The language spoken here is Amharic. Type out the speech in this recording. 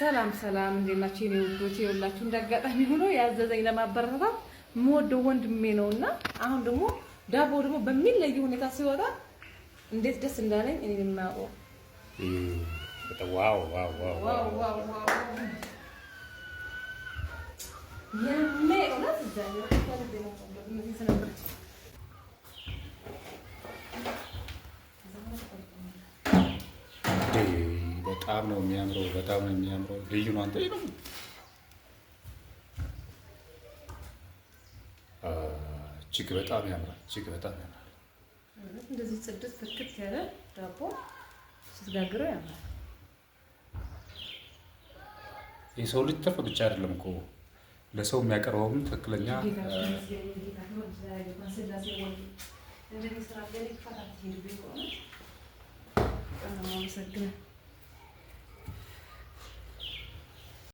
ሰላም ሰላም፣ እንዴት ናችሁ የኔ ውዶች? የሁላችሁ እንዳጋጣሚ ሆኖ ያዘዘኝ ለማበረታት የምወደው ወንድሜ ነው እና አሁን ደግሞ ዳቦ ደግሞ በሚለየ ሁኔታ ሲወጣ እንዴት ደስ እንዳለኝ እኔ የማውቀው ዋው ዋው ዋው በጣም ነው የሚያምረው። በጣም ነው የሚያምረው። ልዩ ነው። አንተ ነው እጅግ በጣም ያምራል። እጅግ በጣም ያምራል። እንደዚህ ጽድት ፍክት ያለ ዳቦ ስትጋግረው ያምራል። የሰው ልጅ ትርፍ ብቻ አይደለም እኮ ለሰው የሚያቀርበውም ትክክለኛ እንደዚህ